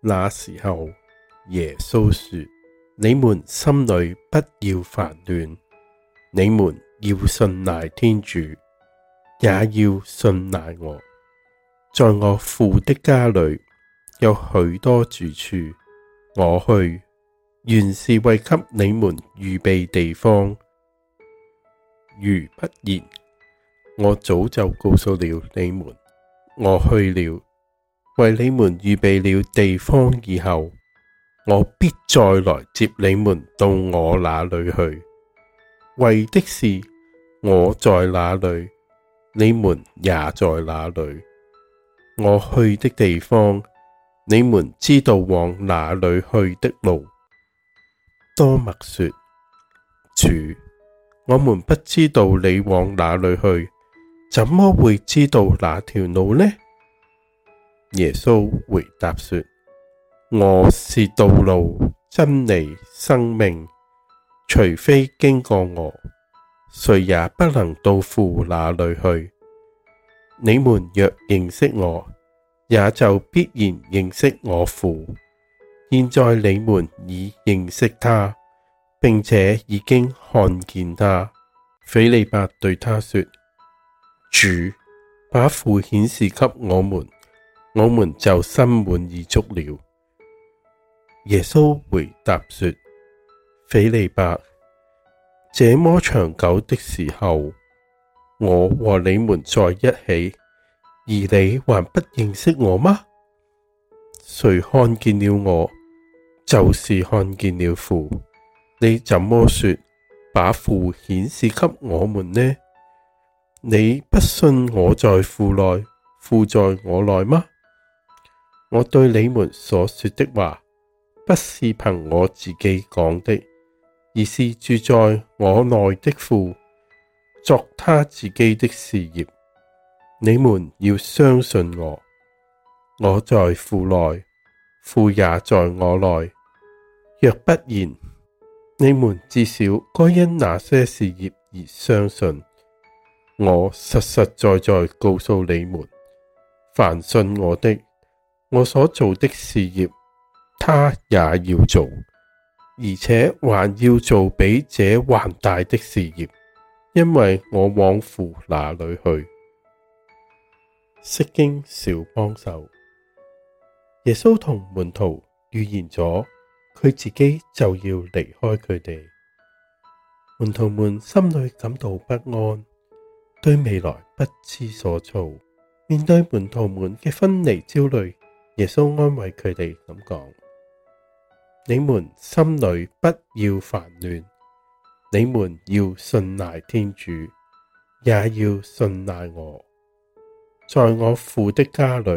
那時候，耶穌說：你們心裡不要煩亂，你們要信賴天主，也要信賴我。在我父的家裡有許多住處，我去，原是為給你們預備地方。如不然，我早就告訴了你們，我去了。為你們預備了地方以後，我必再來接你們到我那裡去。為的是我在那裡，你們也在那裡。我去的地方，你們知道往那裡去的路。多默說：主，我們不知道你往那裡去，怎麼會知道那條路呢？耶穌回答說：我是道路、真理、生命，除非經過我，誰也不能到父那裡去。你們若認識我，也就必然認識我父。現在你們已認識他，並且已經看見他。斐理伯對他說：主，把父顯示給我們。我們就心滿意足了。耶穌回答說：斐理伯，這麼長久的時候，我和你們在一起，而你還不認識我嗎？誰看見了我，就是看見了父。你怎麼說把父顯示給我們呢？你不信我在父內，父在我內嗎？我對你們所說的話，不是憑我自己講的，而是住在我內的父作他自己的事業。你們要相信我，我在父內，父也在我內。若不然，你們至少該因那些事業而相信。我實實在在告訴你們，凡信我的，我所做的事業，他也要做，而且還要做比這還大的事業，因為我往父那裡去。釋經小幫手，耶穌同門徒預言咗，佢自己就要離開佢哋。門徒們心裡感到不安，對未來不知所措，面對門徒們嘅分離焦慮。耶穌安慰佢哋咁講：你們心裏不要煩亂，你們要信賴天主，也要信賴我。在我父的家裏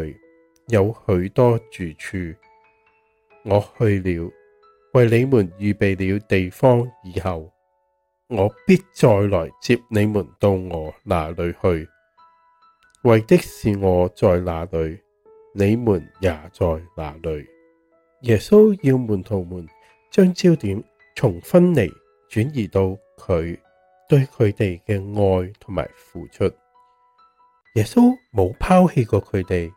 有許多住處，我去了，為你們預備了地方以後，我必再來接你們到我那裏去，為的是我在那裏。你們也在那裏。耶穌要門徒們將焦點從分離轉移到佢對佢哋嘅愛同埋付出。耶穌冇拋棄過佢哋，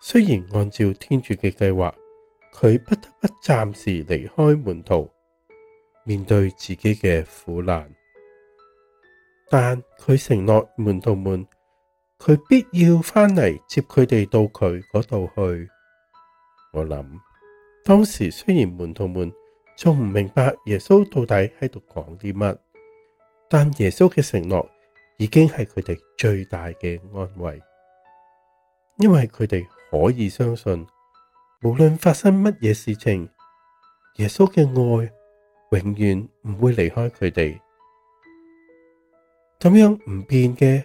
雖然按照天主嘅計劃，佢不得不暫時離開門徒，面對自己嘅苦難，但佢承諾門徒們。佢必要翻嚟接佢哋到佢嗰度去。我諗當時雖然門徒們仲唔明白耶穌到底喺度講啲乜，但耶穌嘅承諾已經係佢哋最大嘅安慰，因為佢哋可以相信，無論發生乜嘢事情，耶穌嘅愛永遠唔會離開佢哋，咁樣唔變嘅。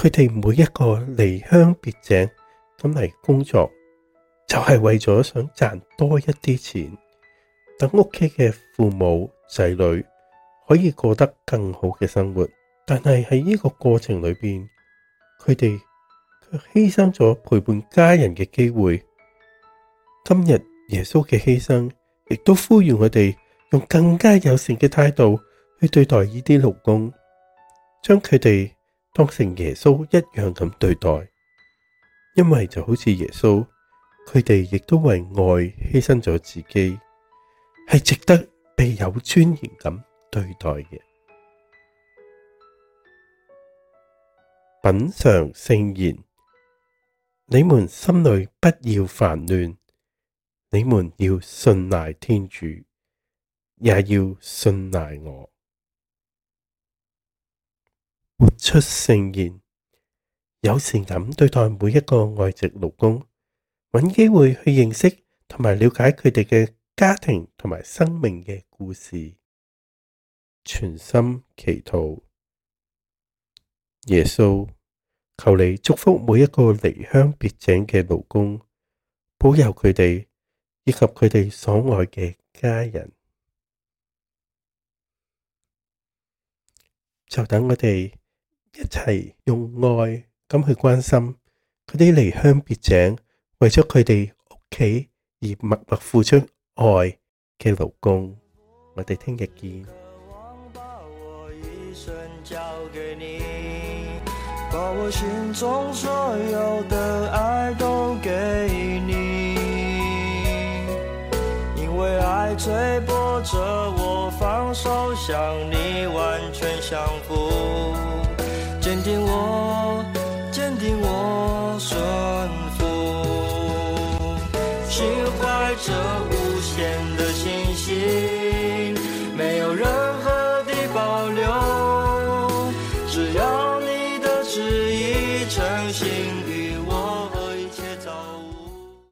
佢哋每一個離鄉別井咁嚟工作，就係為咗想賺多一啲錢，等屋企嘅父母仔女可以過得更好嘅生活。但係喺呢個過程裏邊，佢哋卻犧牲咗陪伴家人嘅機會。今日耶穌嘅犧牲，亦都呼籲我哋用更加友善嘅態度去對待呢啲勞工，將佢哋當成耶穌一樣咁對待，因為就好似耶穌，佢哋亦都為愛犧牲咗自己，係值得被有尊嚴咁對待嘅。品嚐聖言，你們心裡不要煩亂，你們要信賴天主，也要信賴我。活出聖言，友善咁對待每一個外籍勞工，搵機會去認識同埋了解佢哋嘅家庭同埋生命嘅故事，全心祈禱，耶穌求你祝福每一個離鄉別井嘅勞工，保佑佢哋以及佢哋所愛嘅家人，就等我哋。一齊用愛咁去關心佢哋離鄉別井，為咗佢哋屋企而默默付出愛嘅勞工，我哋聽日見。堅定我，堅定我，順服，心懷着無限的。